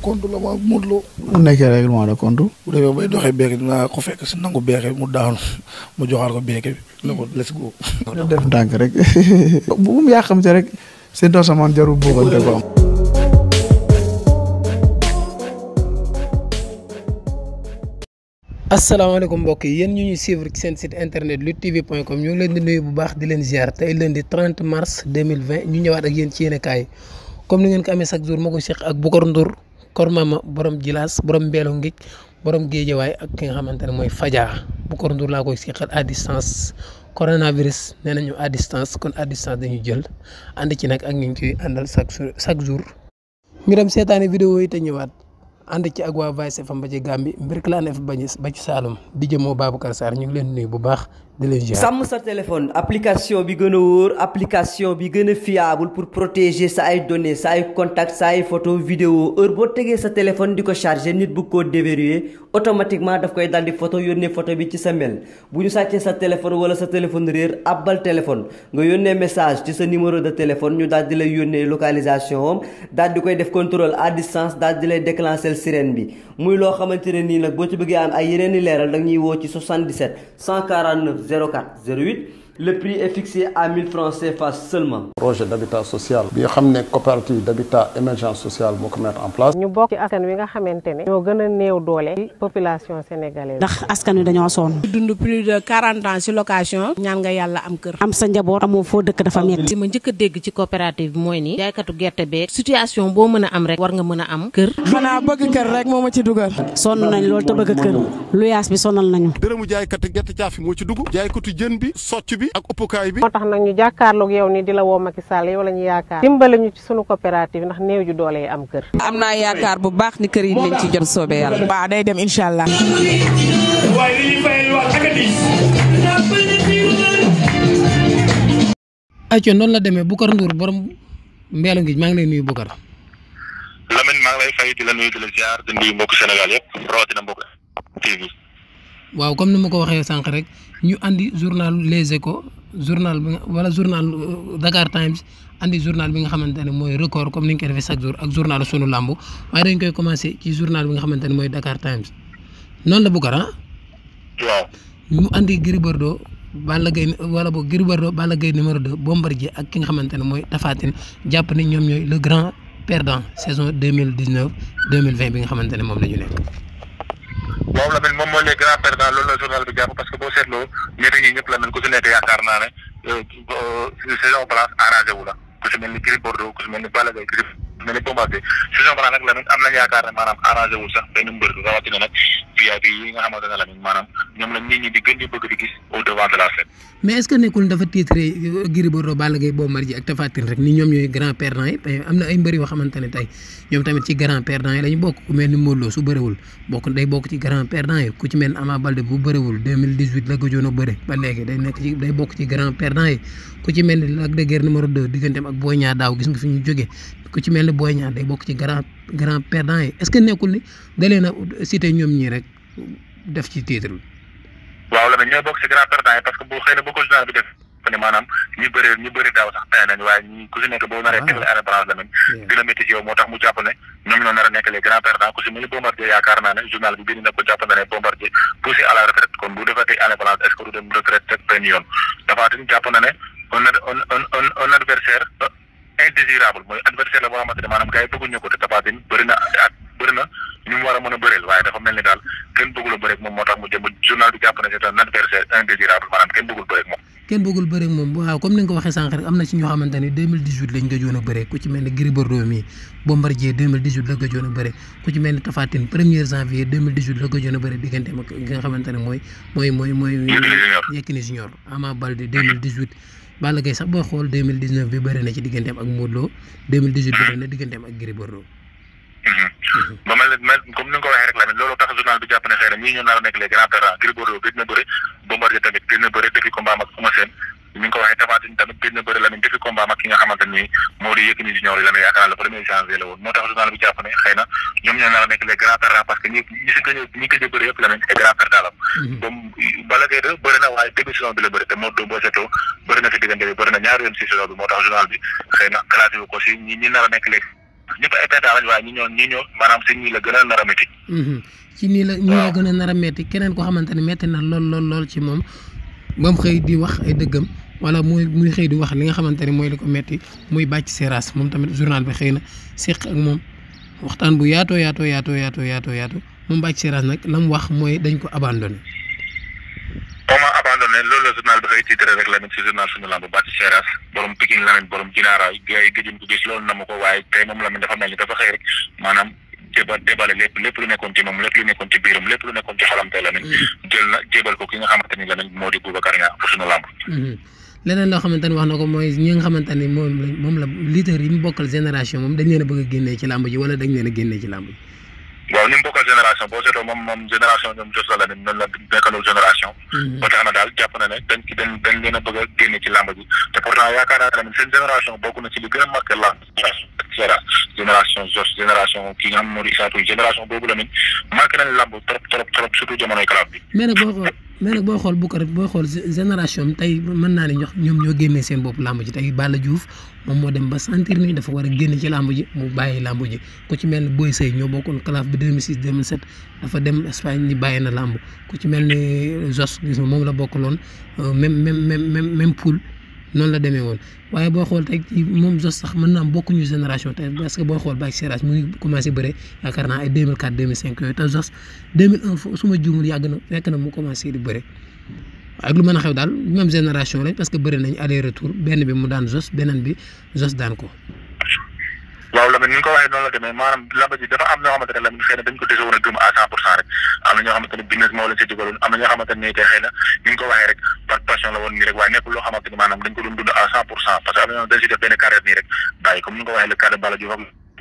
compte la ma Modou Lo. mu nekkee règlement de compte. bu demee bay doxee beeke dinaa ko fekk si nangu beeke mu daanu mu joxaat ko beeke bi ne ko let's go. nga def rek bu mu rek seen doo samaan jarul boobante ko am. asalaamaaleykum mbokk yi yéen ñu ñu suivre ñu ngi leen baax di leen ziar tey lundi 30 mars 2020 ñu ñëwaat ak yéen ci yéen kaay comme ni ngeen ko amee chaque jour moo ko seq ak Bokar Ndour kormama borom jilaas borom mbeelo ngij borom géejawaay ak ki nga xamante ne mooy fajaa bu Kor laa koy seqal à distance coronavirus nee nañu à kon à distance dañu jël ànd ci nag ak ñu ci ciy àndal chaque jour chaque jour. ñu seetaani vidéo yi te ñëwaat ànd ci ak waa Vice FM ba ci Gambie Mbirkelane FM ba ci saalum di jëmoo Babacar Sarr ñu ngi leen nuyu bu baax sàmm sa téléphone application bi gën a wóor application bi gën a fiable pour protéger sa ay données sa ay contacts sa ay photo vidéo heure boo tegee sa téléphone di ko chargé nit bu ko déverrouiller automatiquement daf koy daldi photo yónnee foto bi ci sa mail bu ñu sàccee sa téléphone wala sa téléphone réer abal téléphone nga yónnee message ci sa numéro de téléphone ñu daal di lay yónnee localisation am daal di koy def contrôle à distance daal di lay déclencher sirène bi muy loo xamante ne nii nag boo ci bëggee ay yeneen i leeral da ñuy woo ci 77 149 04 08 le prix est fixé à 1000 francs CFA seulement. nga xam ne coopérative d'habitat émergence sociale moo ko mettre en place. ñu wi nga xamante ne. ñoo gën a néew doole. ci population sénégalaise. ndax askan wi dañoo sonn. dund plus de 40 ans ci location. ñaan nga yàlla am kër. am sa njaboot amoo foo dëkk dafa métti. li ma njëkk dégg ci coopérative bi mooy nii. jaaykatu gerte beeg. situation boo mën a am rek. war nga mën a am kër. xanaa bëgg kër rek moo ma ci dugal. sonn nañ loolu te bëgg kër. luyaas bi sonal nañu. dërëmu jaaykatu gerte caaf moo ci dugg. jaaykatu jën bi socc bi bi ak ëppukaay bi moo tax nag ñu jàkkaarloog yow nii di la woo Macky Sall yow la ñu yaakaar dimbale ñu ci sunu coopérative ndax néew ju doole yi am kër am naa yaakaar bu baax ni kër yi nañ ci jot soobee yàlla waaw day dem incha allah waaye li a noonu la demee Boucar Ndour borom mbeelu ngi maa ngi lay nuyu Boucar Lamine maa ngi lay fay di la waaw comme ni ma ko waxee sànq rek ñu andi journal Les ko journal bi wala journal euh, Dakar Times andi journal bi nga xamante ne mooy record comme ni ñu koy defee chaque jour ak journal sunu làmb waaye dañ koy commencé ci journal bi nga xamante ne mooy Dakar Times noonu la bu gara waaw ñu andi Gris Bordeaux Balla Gaye wala boog Gris Bordeaux Balla Gaye numéro 2 Bombardier ak nga xamante ne mooy Tapha jàpp ni ñoom ñooy le grand perdant saison deux mille dix neuf mille vingt bi nga xamante ne moom la ñu nekk. boobu la mel moom mooy les grands perdants loolu la journal bi jàpp parce que boo seetloo ñeneen ñi ñëpp la si nekk yaakaar naa ne euh, euh, saison place arrangé wu la ku ni Gris Bordeaux ku si mel ni Balla dina la bombardé saison bi nag Lamine am nañ yaakaar ne maanaam arrangé wul sax benn mbër rawatina nag ñoom la nit ñi di gën di bëgg euh, ak Tapha rek ni ñoom ñooy grand perdant am na ay mbër yoo xamante ne tey ñoom tamit ci grand perdant yi la bokk ku mel ni moolo su bëriwul bokk day bokk ci grand perdant yi ku ci mel ni Ama Baldé bu bëriwul 2018 la gëjoon a bokk ci grand perdant yi ku mel ni Lac de Guiers numéro 2 digganteem ak Boy Niang daaw gis nga fi ñu jógee ku ci mel ne Boy Niang day bokk ci grand grand perdant yi est-ce que nekkul ni dalee na cité ñoom ñii rek def ci titre bi. waaw Lamine ñooy bokk ci grand perdant yi parce que bu xëy na bu nekk boo naree ah. tegle arrêt balance Lamine gën a yow moo tax mu jàpp ne ñoom ñoo nar nekk les grands perdants ku si mel ni yaakaar naa ne journal bi bind na ko jàpp na ne Bombardier poussé à la retraite kon bu defatee arrêt balance est-ce que du dem retraite rek indésirable mooy adversaire la boo xamante maanaam gars bëgguñu ko te Tapha Tine bëri na at ñu mu war a mën a bëreel waaye dafa mel ni daal kenn bëggul a moom moo tax mu jëm journal jàpp na c'est un adversaire indésirable maanaam kenn bëggul Balla Gaye sax booy xool 2019 bi bëri ci digganteem ak Modou Lo 2018 bëri na digganteem ak Gris ba mm-hmm. mel ne comme ni nga ko waxee rek la loolu tax journal bi jàpp ne xëy na ñoo nar a nekk les grands perdants Gris gën na bëri Bombardier tamit gën na bëri depuis combat ak Eumeu ni nga ko waxee Tapha Tine tamit bëri la ñu depuis combat nga xamante ni moo di Yékini junior yi ñoo la mhm. nekk les ñëpp ay perdants lañ waaye ñi ñoo ñi ñoo maanaam si ñii la gën a nar a mhm. keneen ko xamante ne métti na lool lool lool ci moom ba mu xëy di wax ay dëggam wala muy muy xëy di wax li nga xamante ne mooy li ko metti muy bàcc seeraas moom tamit journal bi xëy na séq ak moom waxtaan bu yaatoo yaatoo yaatoo yaatoo yaatoo yaatoo moom bàcc seeraas nag la mu wax mooy dañ ko abandonné. ne loolu la journal bi xëy titre rek la nit si borom Pikine la borom Ginaara gars yi loolu na ma ko waaye tey moom la dafa dafa xëy rek maanaam déba débale lépp lépp lu nekkoon ci moom lépp lu nekkoon ci biiram lépp lu nekkoon ci xolam tey la nit mm. jébal ko ki nga xamante ni leneen moo di Boubacar Niang pour suñu làmb. Mhm. leneen loo xamante wax na ko mooy ñi nga moom la moom la lutteurs yi mu bokkal génération moom dañ leen a bëgg a génnee ci làmb ji wala dañ leen a génnee ci làmb waaw ñu bokkal génération boo seetoo moom moom génération ñoom jos la nim noonu la nekkalool génération mm-hmm. ba tax na daal jàpp ci dañ dañ leen a bëgg a génne ci làmb ji te pourtant yaakaar naa tamit seen génération ci li gën a marqué jos génération ki nga xam moo di Issa Pouye génération boobu la mit trop trop trop surtout jamonoy kalaaf bi mais boo xool bu ko boo xool génération am tey mën naa ne ñoom ñoo génnee seen bopp làmb ji tey Balla Diouf moom moo dem ba sentir ni dafa war a génne ci làmb ji mu bàyyi làmb ji ku ci mel ni Boy Seye ñoo bokkoon classe bi 2006 2007 dafa dem Espagne ni bàyyi na làmb ku ci mel ni Jos gis moom la bokkaloon euh, même même même même poule noonu la demee woon waaye boo xool tey moom Zoss sax mën naa am bokkuñu génération tey parce que boo xool Bathie Seras mu ngi commencé bëre yaakaar naa ay 2004 2005 yooyu te Zoss 2001 foofu su ma juumul yàgg na fekk na mu commencé di bëre. ak lu mën a xew daal même génération lañ parce que bëri nañ aller retour benn bi mu daan Zoss beneen bi Zoss daan ko. waaw Lamine ni nga ko waxee noonu la demee maanaam lamba ji dafa am ñoo xamante ne a gëm à cent pour cent rek ko waxee rek par passion la woon nii rek waaye parce que am na ñoo dañ si def nii rek bàyyi comme ni nga ko waxee le cas de Balla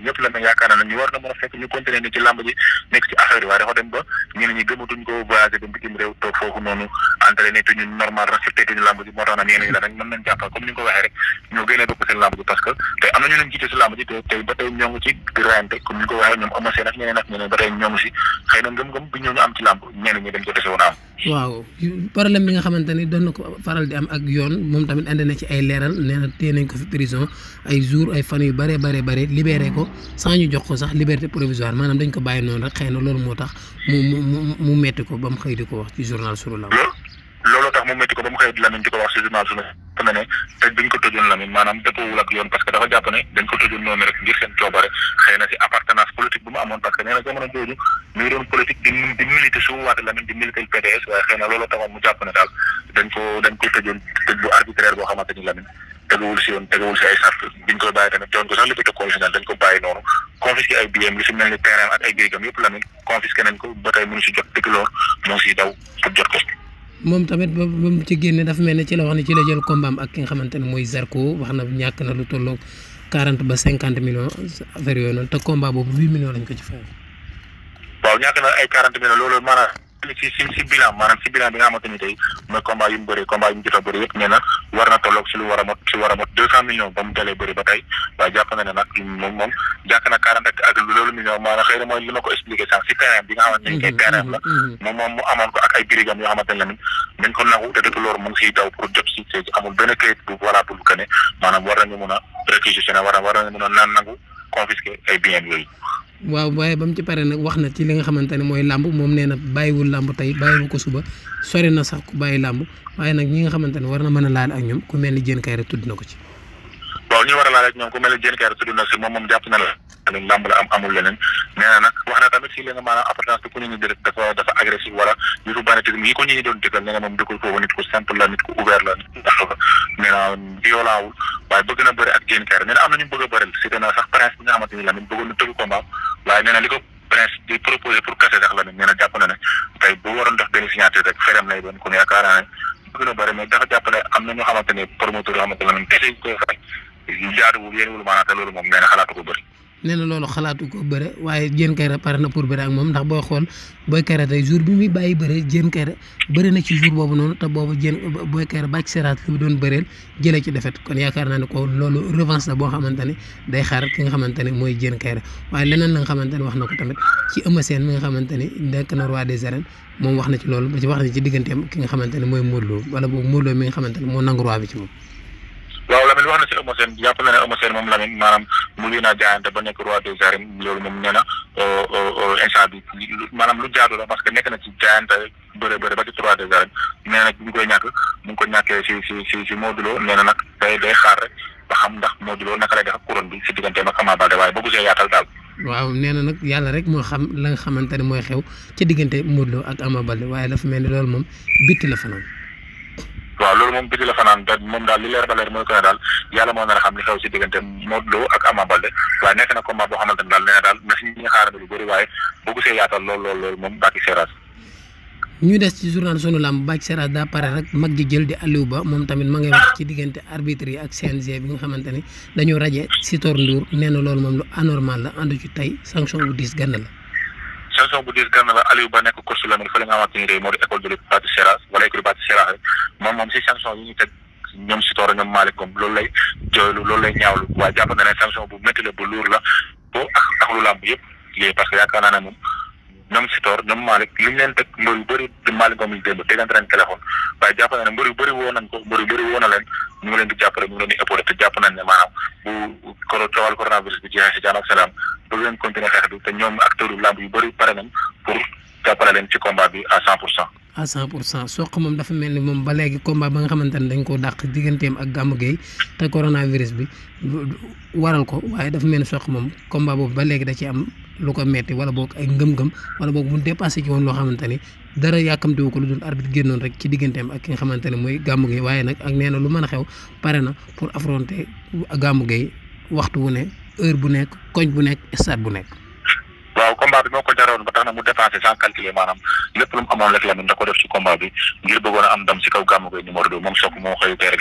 ñëpp la na a fekk ñu continuer ni ci làmb ji nekk ci affaire waaye dafa dem ba ñeneen ñi gëmatuñ ko voyagé dem bitim réew toog foofu noonu entraîné tuñu normal respecté tuñu làmb ji moo tax na ko waxee rek ñoo gën a seen làmb ji parce que tey am na ñu leen jiite si làmb ji te ba tey ñoo ci grante comme ni nga ko waxee ñoom amaseen ak ba tey ñoo si xëy na ngëm-ngëm bi ñoo ñu am ci làmb ñeneen ñi dañ ko dese woon am waaw problème bi nga xamante doon na ko faral sans ñu jox ko sax liberté provisoire maanaam dañ ko bàyyi noonu rek xëy na loolu moo tax mu mu mu metti ko ba mu xëy di ko wax ci journal sunu lamb. loolu tax mu metti ko ba mu xëy di Lamine di ko wax maanaam dëppoowul ak yoon parce que dafa jàpp ne dañ ko tëjoon noonu rek ngir seen coobare xëy na ci appartenance politique bu mu amoon parce que nee na jamono jooju mu doon politique di di militer su waate Lamine di militer PDS waaye xëy na loolu taxoon mu jàpp ne daal dañ ko dañ ko tëjoon tëj arbitraire boo xamante ni Lamine tegawul si yoon tegawul si ay sart biñ ko bàyyi tamit doon ko sax liberté conditionnelle dañ ko bàyyi noonu confisqué ay biyam li si mel ni terrain ak ay gérigam yëpp la ñu confisqué nañ ko ba tey mënu si jot depuis loolu moo siy daw pour jot ko. moom tamit ba ba mu ci génne dafa mel ne ci la wax ne ci la jël combat am ak ki nga xamante ne mooy Zarko wax na ñàkk na lu tolloog quarante ba cinquante millions affaire yooyu noonu te combat boobu huit millions lañ ko ci fay. waaw ñàkk na ay quarante millions loolu maanaam si si si bilan maanaam si bilan bi nga xamante ni tey mooy combat yu mu bëri combat yu mu jot a bëri yëpp nee na war na tolloog si lu war a mot si war a mot deux cent millions ba mu dalee bëri ba tey waaye jàpp na ne nag moom moom jàkk na quarante ak loolu na mooy li ma ko expliqué sànq si terrain bi nga xamante ne kay mm-hmm. mm-hmm. mm-hmm. mu amoon ko ak ay birigam yoo xamante ne dañ ko nangu te depuis loolu mu ngi daw pour jot si te amul benn këyit bu voilà bu ko ne maanaam war nañu mun a réquisitionné war war nañu mun a naan nangu confisqué ay biens yooyu waaw waaye ba mu ci pare nag wax na ci li nga xamante ne mooy làmb moom nee na bàyyiwul làmb tey bàyyiwu ko suba sori na sax ku bàyyi làmb waaye nag ñi nga xamante ne war na mën a laal ak ñoom ku mel ni Diène Kaïré tudd na ko ci. waaw ñu war a na moom moom jàpp na la. da làmb la am amul leneen nee na nag wax na tamit si li nga maanaam appartenance bi ku ñu ñu def dafa dafa agressif wala yu su bannétisme yi ko ñu doon digal nee na moom dëkkul foofu nit ku simple la nit a waaye nee na li ko prince di proposé pour kase sax la ne nee jàpp na ne tey boo waroon def benn signature rek ferem lay doon kon yaakaar naa ne bëgg na bëri mais dafa jàpp ne am na ñoo xamante ne promoteur yoo xamante ne kese ñu koy fay jaaduwul yéen wul maanaam te loolu moom nee na xalaatu ko bëri. nee na loolu xalaatu ko bëre waaye Diène Kairé pare na pour bëre ak moom ndax booy xool Boy Kairé tey jour bi muy bàyyi bëre Diène Kairé bëre na ci jour boobu noonu te boobu Diène Boy Kairé bàcc seraat li mu doon bëreel jëlee ci defet kon yaakaar naa ne ko loolu revanche la boo xamante ne day xaar ki nga xamante ne mooy Diène Kairé waaye leneen la nga xamante ne wax na ko tamit ci Eumeu Sène mi nga xamante ne nekk na roi des arènes moom wax na ci loolu ba ci wax na ci digganteem ki nga xamante ne mooy Modou Lo wala boobu Modou Lo mi nga xamante ne moo nangu roi bi ci moom waaw Lamine wax na si Eumeu Sène jàpp na ne Eumeu Sène moom Lamine maanaam mu ngi naa jaayante ba nekk roi des arènes loolu moom nee na euh, euh, euh, instant bi maanaam lu jaadu la parce que nekk na ci jaayante bëre bëre ba ci roi des arènes nee na bu ñu koy ñàkk mu ngi ko ñàkkee si si si si Modou Lo nag day day xaar rek ba xam ndax Modou Lo naka lay def ak couronne bi si digganteem ak Ama Baldé waaye bëggu see yaatal daal. waaw nee na nag yàlla rek moo xam la nga ne mooy xew ca diggante Modou Lo ak Ama Baldé waaye dafa mel ni loolu moom waaw loolu moom biti la fanaan da moom daal li leer ba leer mooy ko ne daal yàlla moo nar a xam li xew si diggante Modou Lo ak Ama Baldé waaye nekk na combat boo xamante ne daal nee na lu bëri waaye boo gisee lool lool loolu moom Bathie Seras ñu des ci journal sunu lamb Bathie Seras daa pare rek mag ji jël di Aliou Ba moom tamit ma ngay wax ci diggante arbitre yi ak CNG bi nga xamante ne dañoo raje Sitor Ndour nee na loolu moom lu anormal la ànd ci tey sanction bu diis gànn la sanction bu diis gànn la Aliou Ba nekk course la mel fële nga xamante ni day moo di école de Pathé Seras wala école Pathé Seras rek moom moom si sanction yi teg ñoom si toor ñoom Malick Ngom loolu lay jooylu loolu lay ñaawlu waaye jàpp na ne sanction bu métti la bu luur la boo ak ak lu làmb yëpp parce que yaakaar naa ne moom ñoom Sitor ñoom Malick li ñu leen teg mbër yu bëri di Malick moom ñu démb déggante nañ téléphone waaye jàpp na ne mbër yu bëri woo nañ leen ñu jàppale ñu ne maanaam bu bi jeexee si jàmm ak salaam bëgg te jàppale leen ci combat bi à cent pour cent à moom dafa mel ni moom ba léegi combat ba nga xamante ne dañ koo dàq digganteem ak Gamou Gueye te coronavirus bi waral ko waaye dafa mel ni soq moom combat boobu ba léegi da ci am lu ko metti wala boog ay ngëm-ngëm wala boog mu dépassé ci woon loo xamante dara yàkkamtewu ko lu dul arbitre génnoon rek ci digganteem ak nga xamante ne mooy Gamou Gueye waaye nag ak nee na lu mën a xew pare na pour affronter Gamou waxtu wu ne heure bu nekk koñ bu nekk stade bu nekk. tax na mu dépensé sans calculer maanaam lépp lu mu amoon rek Lamine da ko def ci combat bi ngir bëggoon a am ndam si kaw gàmmu koy numéro deux moom soog moo xëy tey rek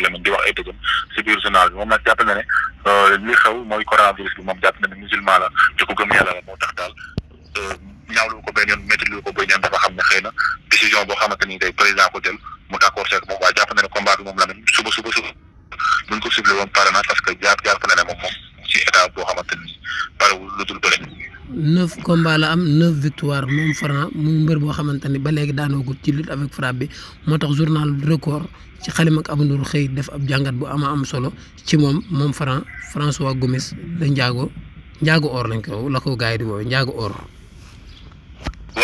si biir moom nag jàpp na ne euh, li xew euh, ko ne ne moom moom ci état boo xamante ni parewul lu dul bëri neuf combats la am neuf victoire moom Franc muy mbër boo xamante ni ba léegi daanoogut ci lutte avec frappe bi moo tax journal record ci xalima ak Abou Ndour xëy def ab jàngat bu ama am solo ci moom moom Franc François Gomis da njaago njaago or lañ ko la ko di woowee njaago or. la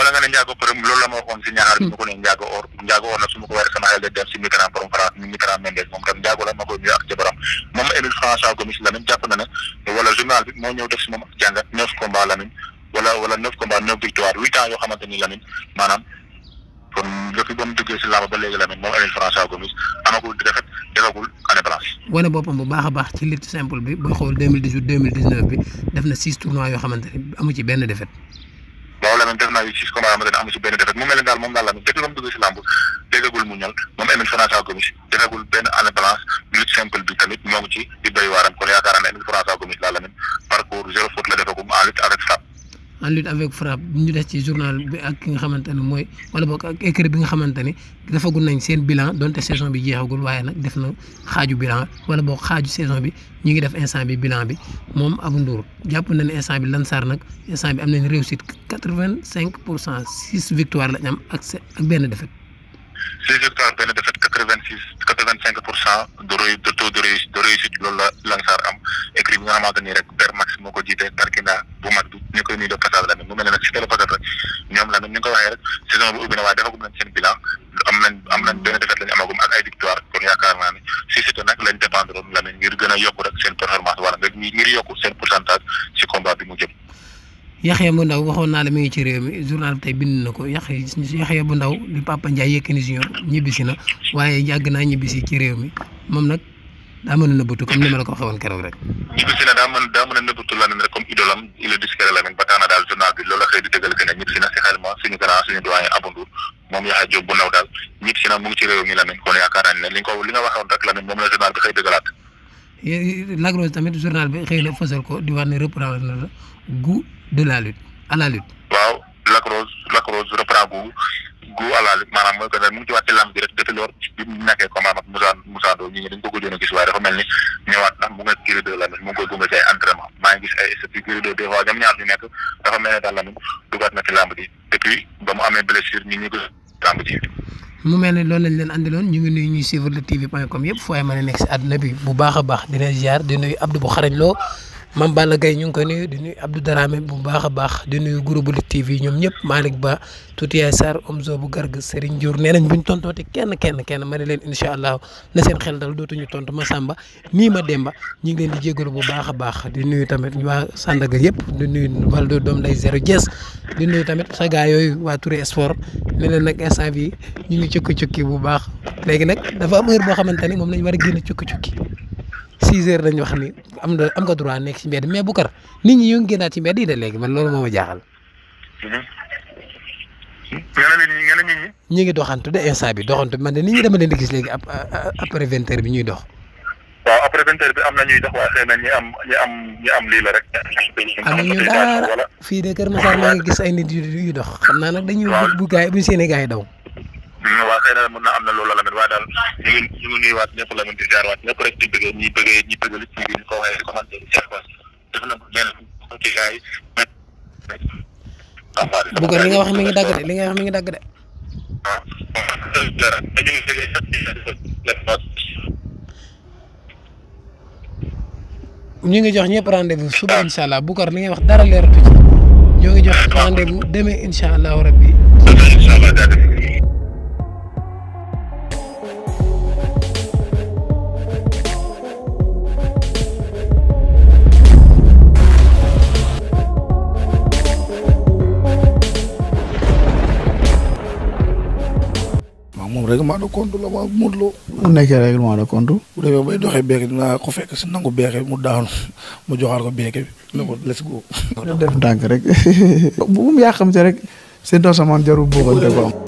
si ñaar bi ko ne njaago or njaago or nag su ma ko waree sama xel de dem si Mitterrand borom France Mitterrand Mendes moom tam njaago la ma koy nuyuwaat. moom Émile François Gomis Lamine jàpp na ne wala journal bi moo ñëw def si moom ak jàngat neuf combats Lamine wala wala neuf combats neuf victoire huit yoo xamante ni Lamine maanaam kon depuis ba mu duggee si làmb ba xool deux mille dix huit deux mille dix neuf bi def na six tournois yoo xamante ni benn defet. waaw Lamine daal moom daal Lamine depuis ba mu duggee si làmb déggagul mu ñal moom Émile François Gomis defagul benn année blanche. simple bi tamit ñoo ngi ci di béy waaram kon yaakaar naa ne mille franc saako la lamin parcours zéro faute la defagum en lutte avec frappe. en lutte ñu def ci journal bi ak ki nga xamante ne mooy wala boog ak bi nga xamante ne defagun nañ seen bilan donte saison bi jeexagul waaye nag def na xaaju bilan wala boog xaaju saison bi ñu ngi def instant bi bilan bi moom Abou Ndour jàpp na ne instant bi Lansar nag instant bi am nañ réussite quatre vingt cinq pour cent six victoire lañ am ak ak benn défaite. six victoires benn défaite quatre vingt six quatre vingt cinq pour cent de réu de taux loolu la Lansar am écrit bi nga xamante ni rek Père moo ko jiite tarkinda bu mag bi ñu koy nuyu de passage la mu mel ne si teel a passage rek ñoom la ñu ngi ko waxee rek saison bi ubbi na waaye dafa Yaxya bu ndaw waxoon naa la mi ngi ci réew mi journal bi tey bind na ko Yaxya bu ndaw di Papa Ndiaye Yékini Junior ñibbisi na waaye ci réew mi a nëbbatu la ko waxee woon keroog rek. ñibbisi na daa mën daa mën a nëbbatu Lamine rek comme idolam il est discret ma suñu grand suñu doyen Abou Ndour moom Yaxya Diop bu ndaw daal ñibbisi na mu ngi ci réew mi Lamine kon yaakaar naa ne li nga ko li nga waxoon rek Lamine moom la journal bi xëy dëggalaat Lac tamit journal bi xëy na fësal ko di wax ne reprendre na gu de la lutte à la waaw Lac Rose Lac Rose reprend gu gu à maanaam mooy que mu ngi ci waat ci lamb bi rek depuis loolu bi mu a gis waaye dafa mel ni ñëwaat mu nga la mu ngi koy gunge ci ay entraînement maa ngi ñu amee blessure mu mel ne loolu leen andiloon ñu ngi nuyu ñuy suivre le tv point com yëpp foo ay mën a nekk si àdduna bi bu baax a baax di leen ziar Abdou bu xarañ loo Mame Balla Gaye ñu ngi koy nuyu di nuyu Abdou Darame bu baax a baax di nuyu groupe Lutte TV ñoom ñëpp Malick Ba Tuuti Yaay Sarr Omzo bu Garga Serigne Diour nee nañ buñ tontooti kenn kenn kenn ma ne leen incha allah na seen xel dal dootuñu tontu ma Samba nii ma Demba ñu ngi leen di jégalu bu baax a baax di nuyu tamit waa Sandaga yëpp di nuyu Waldo doom day zéro Diès di nuyu tamit sa gaa yooyu waa Touré Sport ne leen nag instant bi ñu ngi cukki cukki bu baax léegi nag dafa am heure boo xamante ne moom lañ war a génn six heures dañu wax ni am na am nga droit nekk ci mbedd mais bu kar nit ñi ñu ngi génnaat ci mbedd yi da léegi man loolu moo ma jaaxal. Mm-hmm. nga ne nit ñi ñu ngi doxantu de instant bi doxantu man de nit ñi dama leen di gis léegi après vingt heures bi ñuy dox. waaw après vingt bi am na ñuy dox waaye xëy ñi am ñi am ñi am lii la rek. am ñu daara fii de Kër Massar maa ngi gis ay nit yu dox xam naa nag dañuy bu gaay bu seen i gaay daw. xëy na mën na am na loolu Lamine waaye daal ñu ngi ñu ngi nuyuwaat ñëpp Lamine di jaarwaat ñëpp rek di bëggee ñi ko waxee di commenté di jaarwaat def na li nga wax mi ngi dagg de li nga wax mi ngi dagg de ñu ngi jox ñëpp rendez-vous suba ah. incha allah Boucar li ngay wax dara leeratu ci ñoo ngi jox rendez-vous demee incha allahu rabbi règlement de compte la ma Modou Lo. mu nekkee règlement de compte. bu demee bay doxee beeke dinaa ko fekk si nangu beeke mu daanu mu joxaat ko beeke bi ne ko def ndànk rek. bu mu yàqamte rek seen tasamaan jarul boo ko